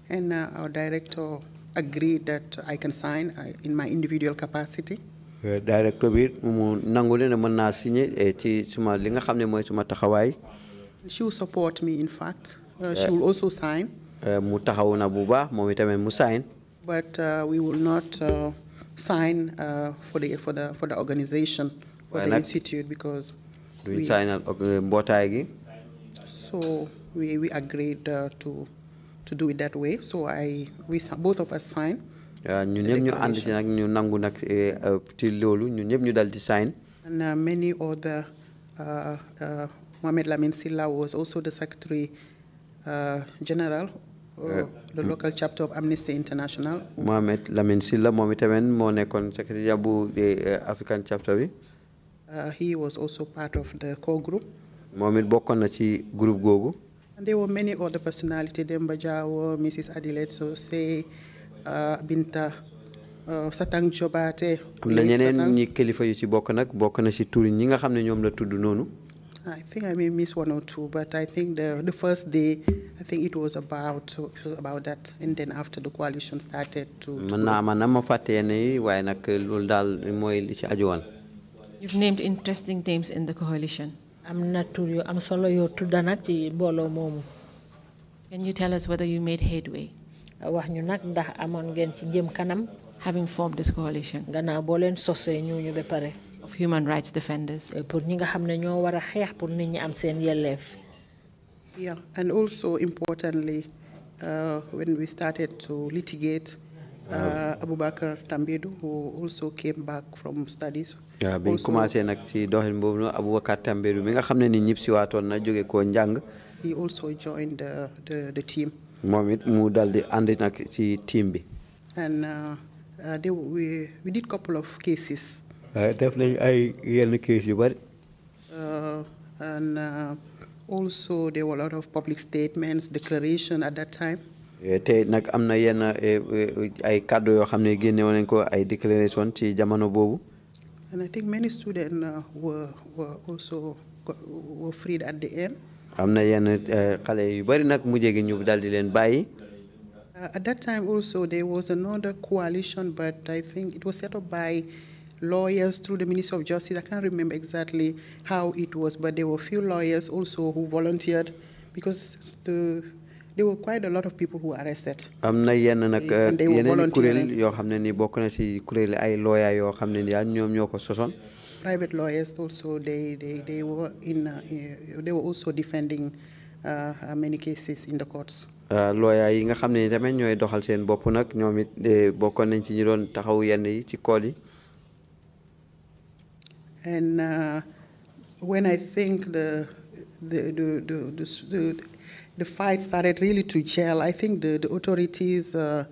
Speaker 2: and our director agreed that I can sign in my individual capacity.
Speaker 4: Eh, directeur bi mu nangu ne mën naa signé eh, ci suma li nga xam ne suma taxawaay. she will support me
Speaker 2: in fact. Eh, she will also sign.
Speaker 4: mu taxaw na bu baax moom itamit mu sign.
Speaker 2: but we will not sign for the for the for the organisation. for the institute because.
Speaker 4: we duñ signal mbootaay gi.
Speaker 2: so we we agreed to to do it that way so I we both of us signed.
Speaker 4: Euh, ñun ànd eh, euh,
Speaker 2: uh, many other uh, uh, Mohamed Lamin Silla was also the secretary uh, general of euh, the local chapter of Amnesty International.
Speaker 4: Mohamed Lamin Silla moom itamit moo nekkoon secrétaire bu eh, African chapter bi. Uh, he was also part of the core group. Mohamed it bokkoon na ci groupe
Speaker 2: and there were many other personalities Demba Jawo Mrs Adelaide Say. Binta uh, Satang ñi yu ci na
Speaker 4: ci ñi nga la
Speaker 2: I think I may miss one or two, but I think the, the first day, I think it was about it was about that, and then after the coalition started to. man na
Speaker 4: ma ne li ci
Speaker 2: You've named interesting names in the coalition.
Speaker 3: am na tur yu am solo yoo tudda nag ci Bolo Momu. Can you tell us whether you made headway? wax ñu ndax ngeen ci jëm kanam. having formed this coalition. pare. of human rights defenders. Euh, pour ñi nga pour nit ñi am seen yelleef.
Speaker 2: yeah and also importantly uh, when we started to litigate. Uh, um. Abubakar Tambedu who also came back from studies.
Speaker 4: Yeah, bi ñu commencé nag ci doxalin Abu Bakr Tambedu mi nga ni ñëpp si na jóge koo njàng.
Speaker 2: he also joined uh, the the team
Speaker 4: moom mu dal di ànd ci team bi.
Speaker 2: and uh, uh, they we we did couple of cases.
Speaker 4: def nañ ay yenn case yu bari.
Speaker 2: Uh, and also there were a lot of public statements declaration at that time.
Speaker 4: Eh, te nag am na yenn eh, eh, ay kàddu yoo xam ne génne woon nañ ko ay déclaration ci jamono boobu.
Speaker 2: and I think many students were were also were freed at the end
Speaker 4: yenn eh, xale yu bari gi ñu di leen bàyyi.
Speaker 2: Uh, at that time also there was another coalition but I think it was set up by lawyers through the Ministry of Justice. I can't remember exactly how it was, but there were few lawyers also who volunteered because the there were quite a lot of people who were arrested.
Speaker 4: yenn eh, ni bokk na ci ay ni
Speaker 2: private lawyers also they they, they were in uh, eh, they were also defending uh, uh, many cases in the courts.
Speaker 4: Uh, lawyer yi nga xam ne tamit ñooy doxal seen bopp nag ñoom it eh, bokkoon nañ ci ñu doon taxaw yenn yi ci kool yi.
Speaker 2: and uh, when I think the the the the, the, the the fight started really to gel. I think the, the authorities uh,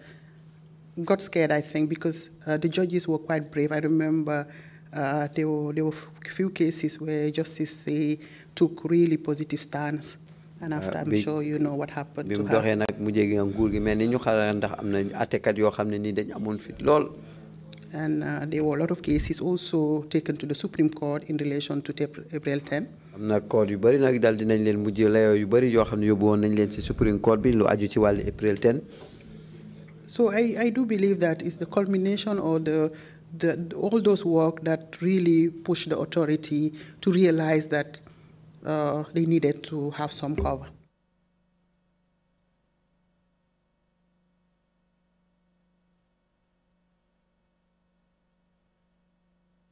Speaker 2: got scared, I think, because uh, the judges were quite brave. I remember there, were, there were few cases where justice took really positive stance. And after, I'm sure you know what happened to her. And uh, there were a lot of cases also taken to the Supreme Court in relation to April 10. am na So I, I do believe that is the culmination or the the, all those work that really pushed the authority to realize that uh, they needed to have some cover.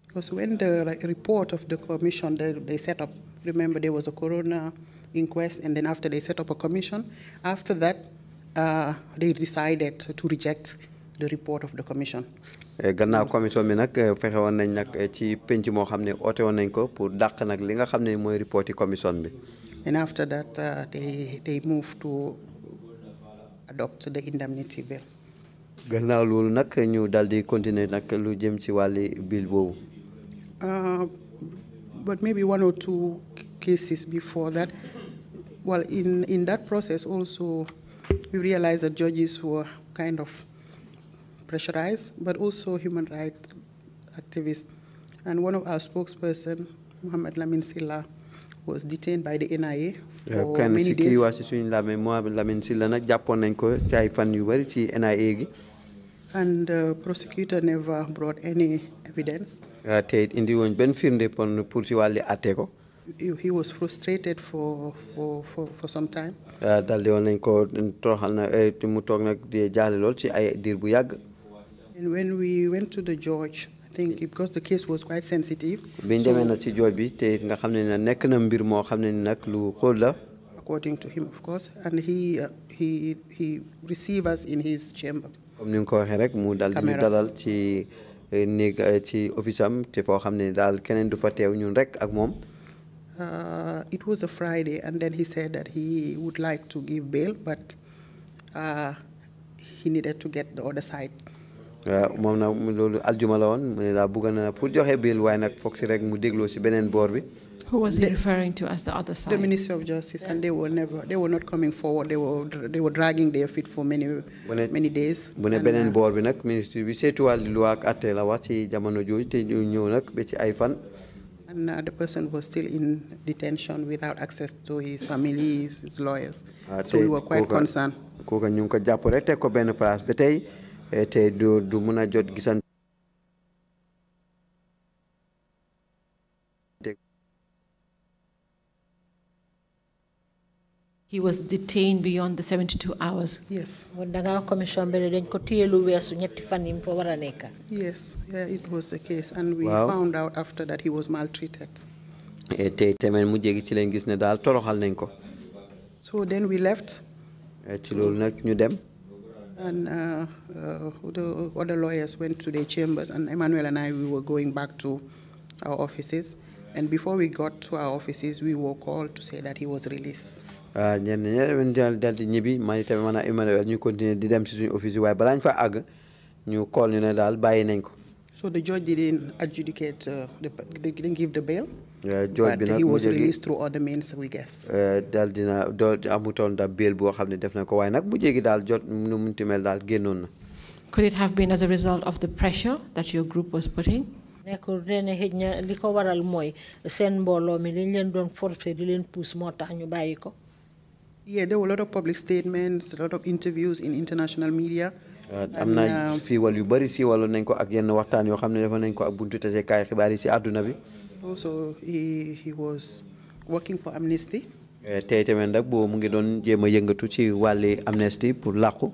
Speaker 2: Because when the report of the commission, they, they set up, remember there was a corona inquest, and then after they set up a commission, after that, uh, they decided to reject the report of the commission.
Speaker 4: Eh, commission eh, fexe nañ eh, ci penc nañ ko pour li nga report commission bi.
Speaker 2: and after that uh, they they moved to adopt the indemnity bill.
Speaker 4: gannaaw loolu nag ñu daal continuer nag lu jëm ci bill
Speaker 2: uh, but maybe one or two cases before that. Well, in, in that process also, we realized that judges were kind of pressurized, but also human rights activists. And one of our spokesperson, Mohamed Lamin Silla, was detained by the NIA for many days.
Speaker 4: Lamin NIA
Speaker 2: and the uh, prosecutor never brought any evidence. Uh, te he was frustrated for for for, for some time.
Speaker 4: Uh, daldi na eh,
Speaker 2: and when we went to the judge I think because the case was quite sensitive
Speaker 4: biñ demee judge
Speaker 2: according to him of course and he uh, he he received us in his chamber
Speaker 4: eh, eh,
Speaker 2: Uh, it was a Friday, and then he said that he would like to give bail, but uh, he needed to get the other side
Speaker 4: waaw na loolu aljuma la woon mu ne pour joxe bill waaye nag foog si rek mu dégloo si beneen boor bi.
Speaker 5: Who
Speaker 2: was he referring to as the other side? The Ministry of Justice, and they were never, they were not coming forward. They were, they were dragging their feet for many,
Speaker 4: many days. Bune ne beneen uh, boor bi nag ministre bi seetuwaal lu ak atte la wax ci jamono jooju te ñu ñëw nag ba ci ay fan.
Speaker 2: And uh, the person was still in detention without access to his family, his lawyers. Ah, so we were quite concerned.
Speaker 4: kooka ñu ngi ko jàpp rek teg ko benn place ba tey du du jot gisan
Speaker 3: He was detained beyond the 72 hours. Yes. Yes, yeah, it
Speaker 2: was the case. And we wow. found out after that he was maltreated. So then we left. And uh, uh the other lawyers went to their chambers, and Emmanuel and I, we were going back to our offices. And before we got to our offices, we were called to say that he was released.
Speaker 4: Uh, so the
Speaker 2: judge didn't adjudicate, uh, the, they didn't give the bail.
Speaker 4: Eh, he was released through
Speaker 2: other means we guess.
Speaker 4: Eh, could
Speaker 3: it have been as a result of the pressure that your group was putting. waral mi liñ forcer di pousse ñu
Speaker 2: yeah there were a lot of public statements a lot of interviews
Speaker 4: in international media. Eh, uh, yu bari nañ ko ak yenn waxtaan nañ ko ak buntu bi.
Speaker 2: Also, he, he was working for Amnesty.
Speaker 4: Eh, tey tamit nag boobu mu ngi jema jéem tuchi wali Amnesty pour làqu.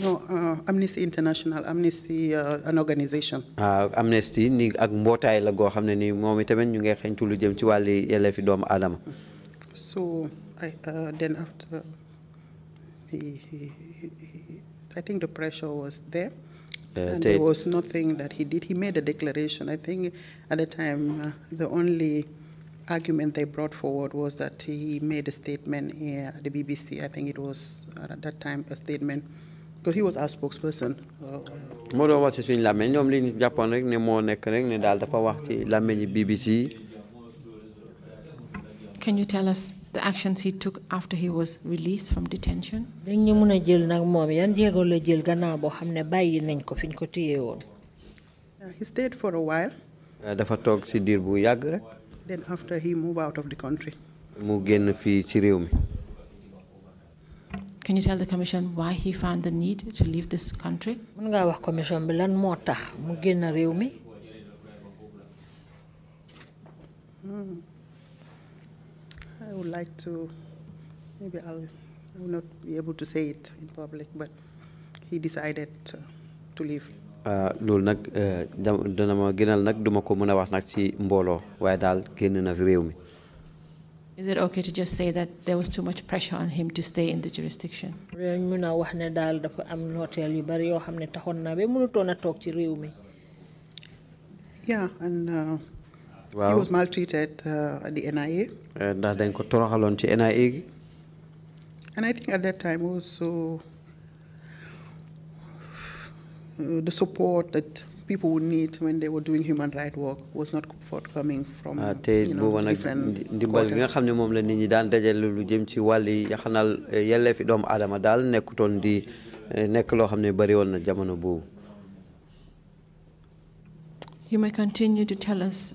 Speaker 2: non uh, Amnesty International Amnesty uh, an organisation.
Speaker 4: Ah, Amnesty ni agmota mbootaay hamne ni moom itamit ñu ngi xeeñtu lu wali ci wàlli yelleefi
Speaker 2: so I uh, then after he I think the pressure was there. Uh, and there was nothing that he did. He made a declaration. I think at the time, uh, the only argument they brought forward was that he made a statement here at the BBC. I think it was uh, at that time a statement because he was our spokesperson.
Speaker 4: moo doon wax si suñu làmmeñ li ñu jàppoon rek ne moo nekk rek ne dafa wax ci BBC.
Speaker 3: Can you tell us the actions he took after he was released from detention? he
Speaker 2: stayed for a while. Uh, then after he moved out of the country.
Speaker 3: Can you tell the commission why he found the need to leave this country?
Speaker 2: I would like to, maybe I'll, I will not be able to say it in public, but he decided to leave.
Speaker 4: Uh, uh, dana ma gënal duma ko wax ci génn na fi mi.
Speaker 3: Is it okay to just say that there was too much pressure on him to stay in the jurisdiction? wax ne dafa am yu bari na ci mi.
Speaker 2: Yeah, and uh, he was maltreated uh, at the NIA.
Speaker 4: And then ko NIA
Speaker 2: And I think at that time also uh, the support that people would need when they were doing human rights work was not forthcoming from uh, you know, different eh, eh,
Speaker 3: You may continue to tell us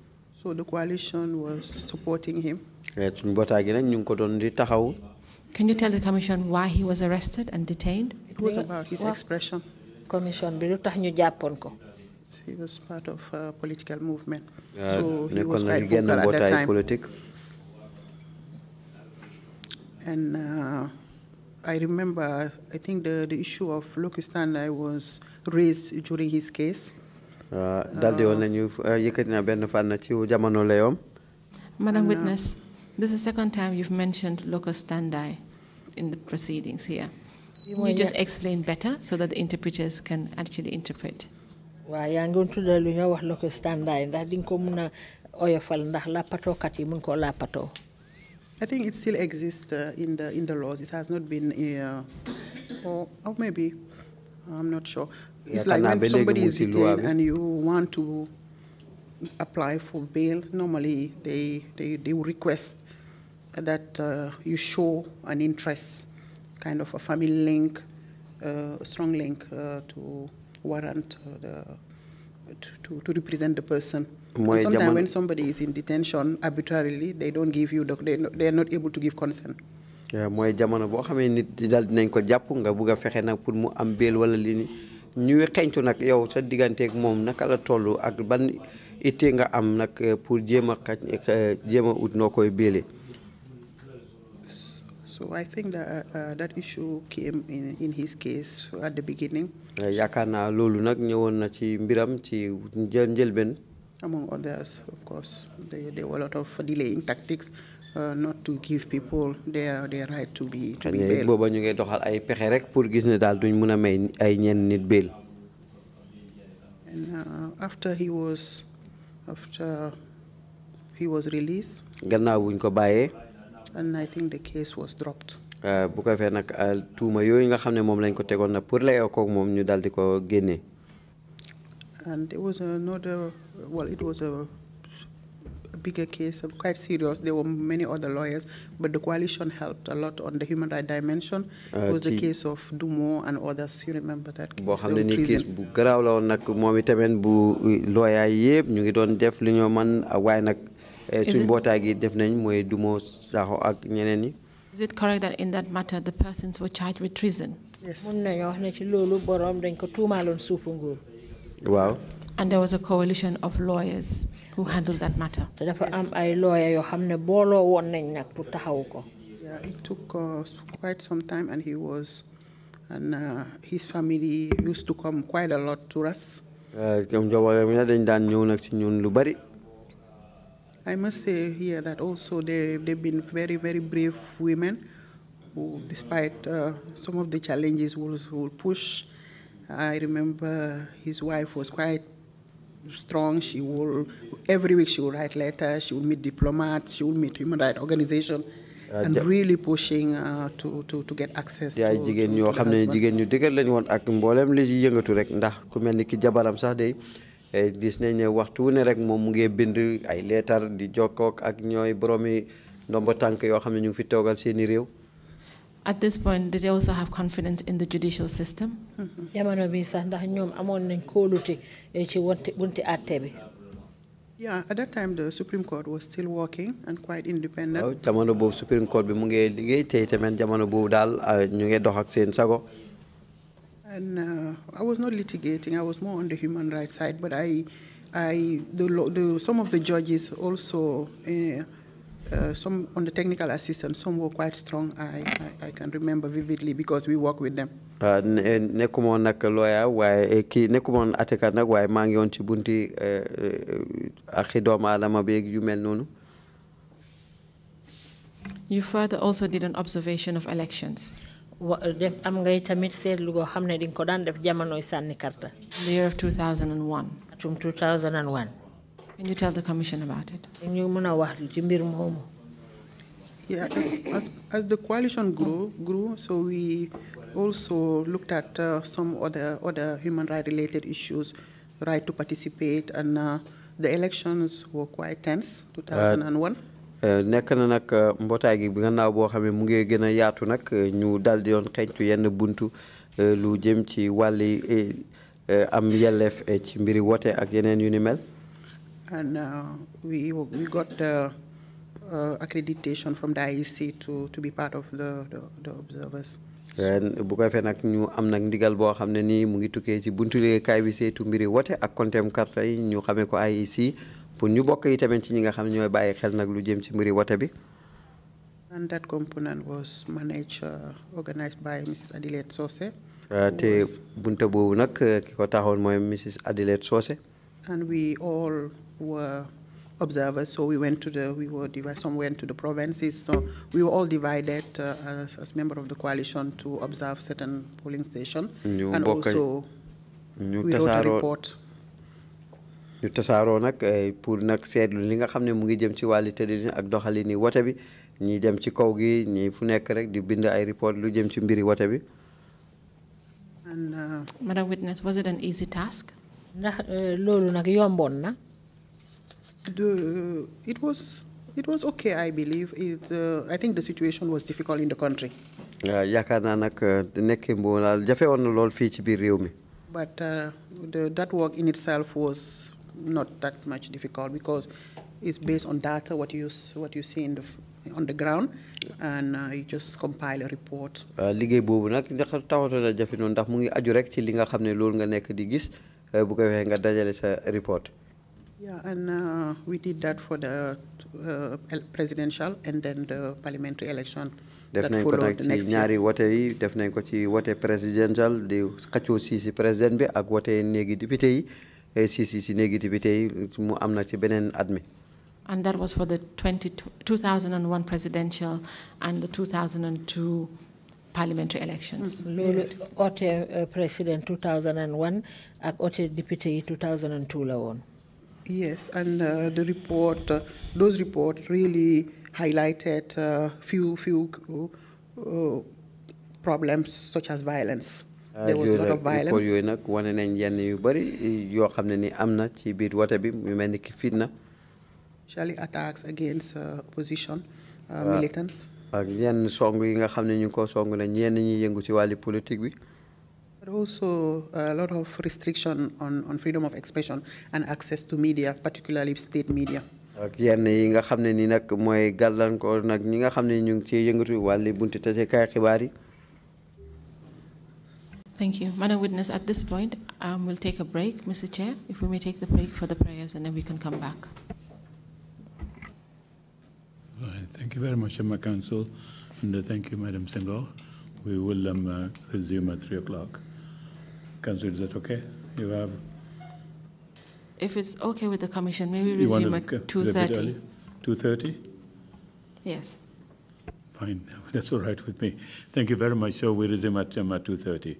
Speaker 2: So the coalition was supporting him.
Speaker 4: Eh, Can you tell
Speaker 3: the commission why he was arrested and detained? It
Speaker 2: was about his expression. Commission He was part of a political movement. Eh, so he
Speaker 4: was quite vocal at that time.
Speaker 2: And uh, I remember, I think the, the issue of Lokustanda was raised during his case.
Speaker 4: Uh, daldi woon nañu uh, yëkkati na benn fànn ci jamono layoom.
Speaker 3: Madam Witness, this is the second time you've mentioned local standi in the proceedings here. Can you just explain better so that the interpreters
Speaker 2: can actually interpret?
Speaker 3: waaw yaa ngi doon tuddal lu ñoo wax locus standi ndax di nga ko mun a oyofal ndax làppatookat yi mun koo làppatoo.
Speaker 2: I think it still exists uh, in the in the laws. It has not been, uh, or, or maybe, I'm not sure. It's like when somebody is detained and you want to apply for bail, normally they, they, they request that uh, you show an interest, kind of a family link, uh, a strong link uh, to warrant uh, the, to, to represent the person. Sometimes when somebody is in detention arbitrarily, they don't give you, they, they are not able to give consent.
Speaker 4: mooy jamono boo xamee nit dal dinañ ko jàpp nga bugg fexe pour mu am bail wala lii ñuy xeñtu yow sa naka la ak ban nga am euh, pour euh, ut
Speaker 2: So I think that uh, uh, that issue came in, in his case at the beginning.
Speaker 4: Euh, na ci mbiram ci
Speaker 2: Among others,
Speaker 4: of course, there, there were a
Speaker 2: lot of delaying tactics. Uh, not to give people their their right to be to be bail
Speaker 4: booba ñu ngay doxal ay pexe rek pour gis ne daal duñ mën may ay ñenn nit bail
Speaker 2: and uh, after he was after he was released
Speaker 4: gannaaw buñ ko bàyyee
Speaker 2: and I think the case was
Speaker 4: dropped uh, bu ko fee nag tuuma yooyu nga xam ne lañ ko tegoon nag pour layoo koog moom ñu daal di ko génnee
Speaker 2: and it was another well it was a bigger case, quite serious. There were many other lawyers, but the coalition helped a lot on the human rights dimension. Uh, it was the case of Dumo and others. You remember that case? case
Speaker 4: bu lawyer def man eh, gi def Dumo ak Is
Speaker 3: it correct that in that matter the persons were charged with treason? Yes. Mun borom and there was a coalition of lawyers who handled
Speaker 2: that matter. te am ay lawyer yoo xam ne booloo woon nañ nag pour taxawu ko. yeah it took uh, quite some time and he was and uh, his family used to come quite a lot to us. Uh, I must say here that also they, they've been very, very brave women who, despite uh, some of the challenges, will, will push. I remember his wife was quite strong. She will, every week she will write letters, she will meet diplomats, she will meet human rights organizations, uh, and really pushing uh, to, to, to get access Yeah, to, jigéen ñoo xam ne jigéen
Speaker 4: ñu dëgër lañ woon ak mboolem li ci yëngatu rek ndax ku mel ni ki jabaram eh, rek moom bindu ay letter di jokkook ak ñooy boroomi ndombo tànk yoo xam ne ñu ngi
Speaker 3: at this point, did they also have confidence in the judicial system? Mm-hmm. Eh,
Speaker 2: yeah, at that time the Supreme Court was still working and quite independent.
Speaker 4: Oh, Supreme Court ah,
Speaker 2: And uh, I was not litigating. I was more on the human rights side, but I, I the, the some of the judges also. Uh, uh, some on the technical assistance, some were quite strong. I, I, I can remember vividly because we work with them.
Speaker 4: Uh, eh, nekkuma woon nag lawyer waaye eh, kii nekkuma woon atekat nag waaye eh, maa ngi woon ci bunti axi yu mel noonu.
Speaker 3: You further also did an observation of elections. i am going to seetlu goo xam ne di nga ko daan def jamonoy sànni The year of 2001. atum 2001. Can you tell the Commission about it?
Speaker 2: Yeah, as, as, as the coalition grew, grew, so we also looked at uh, some other, other human rights related issues, right to participate, and uh, the elections were quite tense, 2001.
Speaker 4: Uh, uh, nekk na nag uh, mbootaay gi gannaaw boo xam ne mu ngi gën a yaatu nag ñu daldi yoon xeeñtu yenn buntu lu jëm ci wàlli eh, eh, am yelleef eh, ci mbiri wote ak yeneen yu ni mel
Speaker 2: and uh, we, we got the uh, accreditation from the IEC to, to be part of the, the, the observers.
Speaker 4: And ko fe nag ñu am nag ndigal boo xam ne nii mu ngi tukkee ci buntu liggéeykaay bi mbiri wote ak yi ñu ko IEC pour ñu bokk yi tamit ci ñi nga xam xel lu jëm ci mbiri wote bi.
Speaker 2: And that component was
Speaker 4: managed, uh,
Speaker 2: organized by Mrs. Adelaide Sose. te
Speaker 4: bunta boobu nag uh, ki ko taxoon Mrs. Adelaide Sose
Speaker 2: and we all were observers. So we went to the, we were divided, some went to the provinces. So we were all divided uh, as, as member of the coalition to observe certain polling station. and also
Speaker 4: we wrote a report. ñu tasaaroo nag eh, pour nag seetlu li nga xam ne mu ngi jëm ci wàllu tëddin ak doxalin ni wote bi ñi dem ci kaw gi ñi fu rek di bind ay report lu jëm ci mbiri bi.
Speaker 2: And, uh,
Speaker 3: Madam Witness, was it an easy task? Eh,
Speaker 2: it was it was okay I believe it uh, I think the situation was difficult in the country.
Speaker 4: yaakaar naa jafe
Speaker 2: but uh, the that work in itself was not that much difficult because it's based on data what you what you see in the on the ground and uh, you just compile a report.
Speaker 4: liggéey na jafe uh, bu ko waxee nga sa uh, report.
Speaker 2: Yeah, and uh, we did that for the uh, presidential and then the parliamentary election. Definitely nañ ko nag ci ñaari
Speaker 4: wote yi def nañ ko presidential The xaccoo si président be ak wote néegi si eh, si si néegi mu amna na ci beneen
Speaker 3: and that was for the 20, 2001 presidential and the 2002 parliamentary elections. Mm-hmm. loolu uh, president 2001 ote Deputy 2002 la woon.
Speaker 2: Yes, and uh, the report, uh, those reports really highlighted uh, few few uh, problems such as violence. Ah, there was a lot of violence. Report yooyu nag
Speaker 4: wane nañ yenn yu bëri yoo xam ne ni am na ci biir wote bi mu mel ni
Speaker 2: attacks against uh, opposition ah. militants
Speaker 4: ak song yi nga xam ne ñu ko song ñenn ñi yëngu ci politique bi.
Speaker 2: But also uh, a lot of restriction on on freedom of expression and access to media particularly state media.
Speaker 4: ak yenn yi nga xam ne ni nag mooy gàllankoor nag ñi nga xam ne ñu ngi ciy yëngatu bunti xibaar yi.
Speaker 3: Thank you. Madam Witness, at this point, um, we'll take a break, Mr. Chair, if we may take the break for the prayers and then we can come back.
Speaker 1: Right. Thank you very much, Emma Council, and uh, thank you, Madam Singh. We will um, uh, resume at 3 o'clock. Council, is that okay? You have...
Speaker 3: If it's okay with the commission, maybe resume at 2.30. 2.30? Yes.
Speaker 1: Fine. That's all right with me. Thank you very much. So we resume at, um, at 2.30.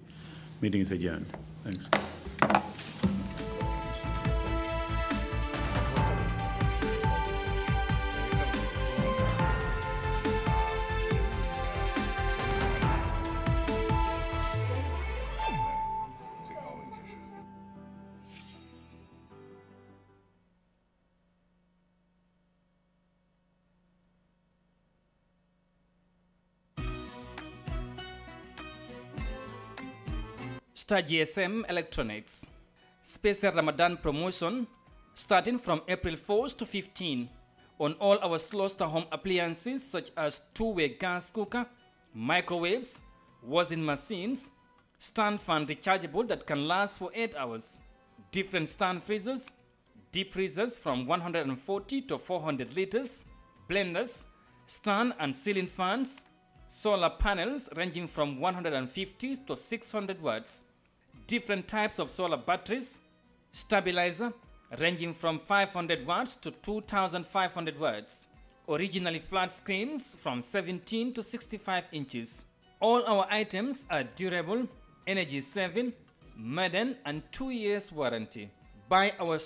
Speaker 1: Meeting is adjourned. Thanks. Star GSM Electronics. Special Ramadan promotion starting from April 4th to 15 on all our Sloster home appliances such as two-way gas cooker, microwaves, washing machines, stand fan rechargeable that can last for 8 hours, different stand freezers, deep freezers from 140 to 400 liters, blenders, stand and ceiling fans, solar panels ranging from 150 to 600 watts, different types of solar batteries, stabilizer ranging from 500 watts to 2500 watts, originally flat screens from 17 to 65 inches. All our items are durable, energy saving, modern and 2 years warranty. Buy our